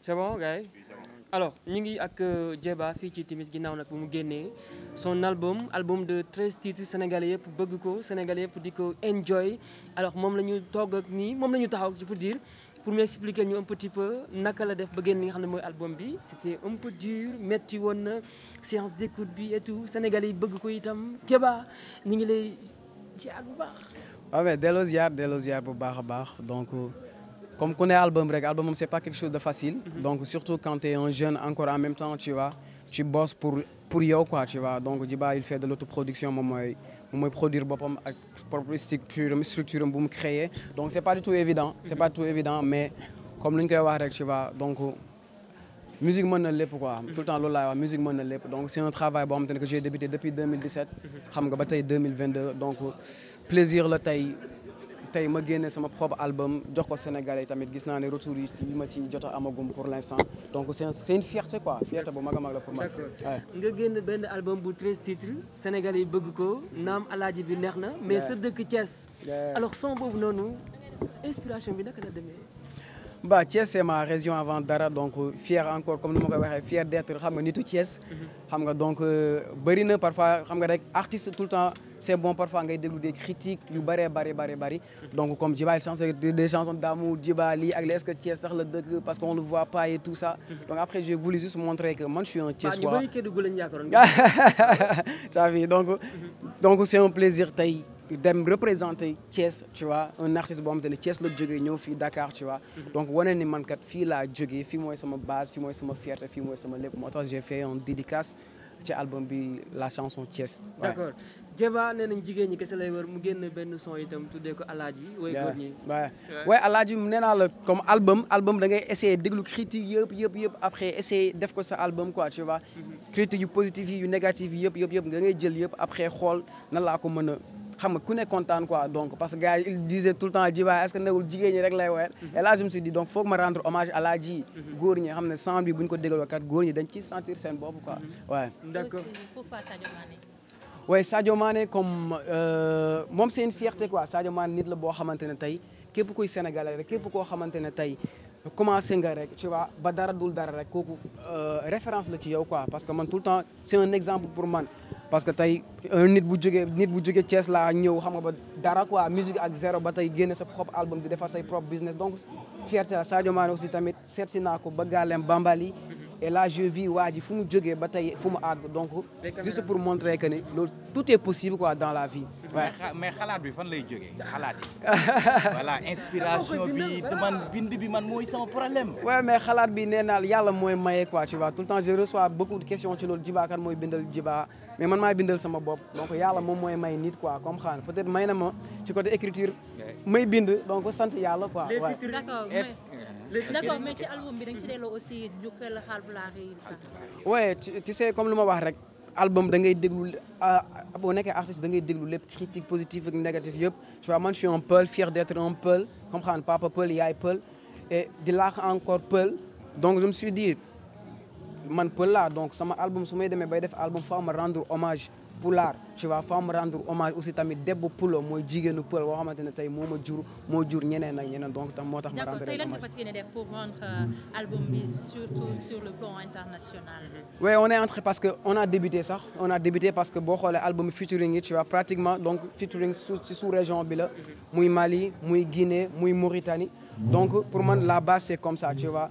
c'est bon gars alors ñu ngi ak euh, Djeba fi ci timis ginnaw nak bu mu génnee son album album de treize titres sénégalais yépp bëgg ko sénégalais yépp diko enjoy alors mom lañu togg ak ni, mom lañu taxaw ci pour dire pour m'expliquer expliquer ñu un petit peu naka la def ba génné nga xamné moy album bi c'était un peu dur metti woon séance d'écoute bi et tout sénégalais yi bëgg ko itam Djeba, ñi ngi lay ziar bu baax. waaw ah mais delloo ziar delloo ziar bu baax baax donc. Euh, comme qu'on est album rec, album c'est pas quelque chose de facile. Mhm. Donc surtout quand tu es un jeune encore en même temps, tu vois, tu bosses pour pour yo quoi, tu vois. Donc Diba il fait de l'autoproduction moi moi produire bopam propre structure structure créer. Donc c'est pas du tout évident, c'est mhm. pas tout évident mais comme luñ tu vois. Donc musique mhm. tout le temps musique donc c'est un travail que j'ai débuté depuis 2017 xam nga ba 2022 donc plaisir la taille tay ma génne sama propre album jox ko Sénégalais tamit gis na né retour yi yi ma ci jotta amagum pour l'instant donc c'est un une fierté quoi fierté bu mag a mag la pour ma. nga génn benn album bu 13 titres Sénégalais yi bëgg ko nam aladi bi neex mais sa deuk Thiès. alors son bobu noonu inspiration bi naka la démé bah Thiès c'est ma région avant dara donc euh, fier encore comme nous fier d'être Thiès. Mhm. donc euh, parfois artiste tout le temps c'est bon parfois des critiques mhm. donc comme des chansons d'amour que Thiès parce qu'on le voit pas et tout ça. Mhm. donc après je voulu juste montrer que moi je suis un bah, donc donc c'est un plaisir Tay dem représenter Thiès tu vois un artiste boo xamante ne Thiès la jógee ñëw fii Dakar tu vois mhm. donc wane ni man kat fii laa jógee fii mooy sama base fii mooy sama fierté fii mooy sama lépp moo tax j'ai fait un dédicace ci album bi la chanson Thiès. d'accord Djeba nee nañ jigéen ñi kese lay wër mu génn benn son itam tuddee ko Aladji, waaw waaw waaye Alaaji nee naa la comme album album da ngay essayer déglu critique yëpp yëpp yëpp après essayer def ko sa album quoi tu vois. Mhm. critique yu positif yi yu négatif yi yëpp yëpp yëpp da ngay jël yëpp après xool nan laa ko mën xam nga ku ne quoi donc parce que gars il disait tout le temps Djiba est-ce que newul jigéen rek lay woyal mhm. et là je me suis dit donc foog me rendre hommage à la ji mhm. góor ñi xam ne bi buñ ko déggal kat góor ñi dañ ci sentir sen bopp quoi mhm. ouais d'accord pourquoi Sadio Mané ouais Sadio Mané comme euh, mom c'est une fierté quoi Sadio Mané nit la bo xamante tay képp kuy sénégalais rek képp ko xamante tay tey commencé nga rek tu vois ba dara dul dara rek kooku euh, référence la ci yow quoi parce que man tout le temps c'est un exemple pour man parce que tay un nit bu jógee nit bu jógee Thiès laa ñëw xam nga ba dara quoi musique ak zéro ba tey sa propre album di defar say propre business donc fierté la Sadio Mané aussi tamit seet ko ba Galem Bambali et là je vis ouais, il faut me jógee ba juste pour montrer que tout est possible quoi dans la vie. mais xalaat bi fan lay voilà inspiration bi man bind bi man moy sama problème. Oui, mais je reçois beaucoup de questions Djiba bindal Djiba mais man bindal sama donc yàlla moy may nit quoi comme peut-être que ci côté écriture. bind donc quoi d'accord mais tu album bi aussi tu sais comme album da ngay euh, artiste da ngay critique positive et négative tu vois je suis un peu fier d'être un peu comprendre pas papa Peul yaay Peul et de l'art, encore Peul donc je me suis dit man pël là donc sama album su démé bay def album faaw rendre hommage l'art tu vois faaw me rendre hommage aussi tamit debbu poulo moy jigéenu pël wo xamantene tay moma moo ma jur moo jur ñeneen ak ñeneen donc tam motax tax ma rendre hommage. d'accord lan nga fas def pour rendre euh, album bi surtout sur le plan international. Mm-hmm. oui on est entré parce que on a débuté sax on a débuté parce que bo xolé album featuring tu vois pratiquement donc featuring ci sous région bi la muy Mali muy Guinée muy Mauritanie donc pour man la base c'est comme ça tu vois.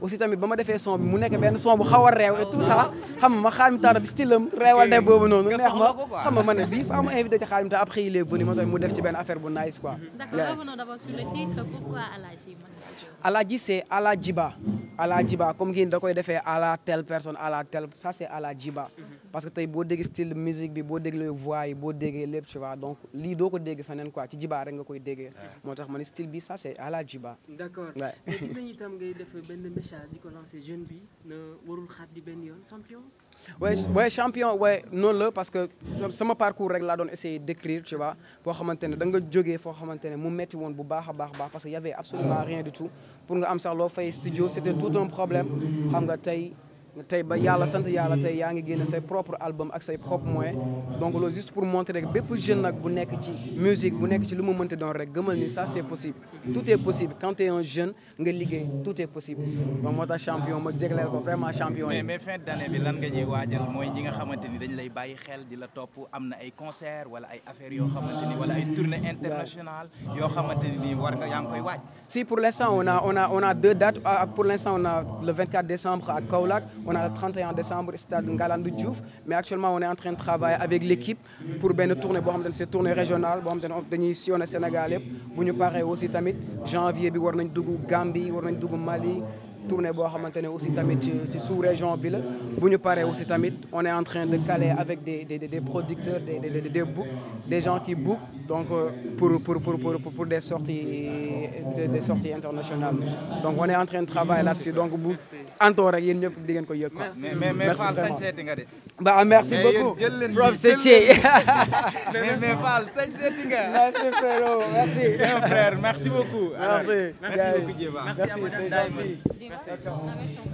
aussi tamit bama defé son bi mu nek ben son bu xawa rew et tout ça xam nga ma xaalimtaara bi style am réewal day bobu non neex ma xam ma ne bi fa am invité ci xalim xaalimtaar après il est venu ma tay mu def ci ben affaire bu nice quoi. d'accord revenons d'abord sur le titre pourquoi Aladji Aladji c'est Aladjiba à la hmm. jiba comme ngeen da koy defee à la telle personne à la telle ça c'est à la jiba parce que tey boo dégg style musique bi boo le voix yi boo déggee lépp tu vois donc li doo ko dégg feneen quoi ci jiba rek nga koy déggee moo tax style bi ça c'est à la jiba d'accord mais gis nañu tam ngay def ben message di lancer jeune bi ne warul xaat di ben yoon champion ouais ouais champion ouais non parce que mon parcours que là, on d'écrire tu vois pour da nga mu parce qu'il y avait absolument rien du tout pour studio c'était tout un problème tay ba yalla sant yalla tay yaangi ngi génne say propre album ak say propre moyen donc lo juste pour montrer rek bépp jeune nak bu nek ci musique bu nek ci luma mu mënti rek gëmal ni ça c'est possible tout est possible quand tu es un jeune nga liggéey tout est possible donc mota champion ma jégleel ko vraiment champion mais mais fin d'année bi lan nga ñi wajal moy ñi nga xamanteni dañ lay bayyi xel di la topp am ay concert wala ay affaires yo xamanteni wala ay tournée internationale yo xamanteni ni war nga yang koy waaj si pour l'instant on a on a on a deux dates ah, pour l'instant on a le 24 décembre à Kaolack on a le 31 décembre, stade Ngalandou Diouf. Mais actuellement, on est en train de travailler avec l'équipe pour une tournée, c'est tournée régionale. une mission au Sénégal. Nous au aussi, janvier, nous Gambie, nous Mali tournée bo xamantene aussi tamit ci sous région bi la buñu paré aussi tamit on est en train de caler avec des des des producteurs des des des book des gens qui book donc euh, pour pour pour pour pour des sorties des sorties internationales donc on est en train de travailler là-dessus donc bu antor rek yeen ñëpp di ngeen ko yëg merci mais mais bah merci beaucoup. Prof Sétier. Mais mais Val, sëñ Séti Merci frérot, merci. C'est un frère, merci beaucoup. Merci. Merci beaucoup Djeva. Merci, c'est gentil. Merci.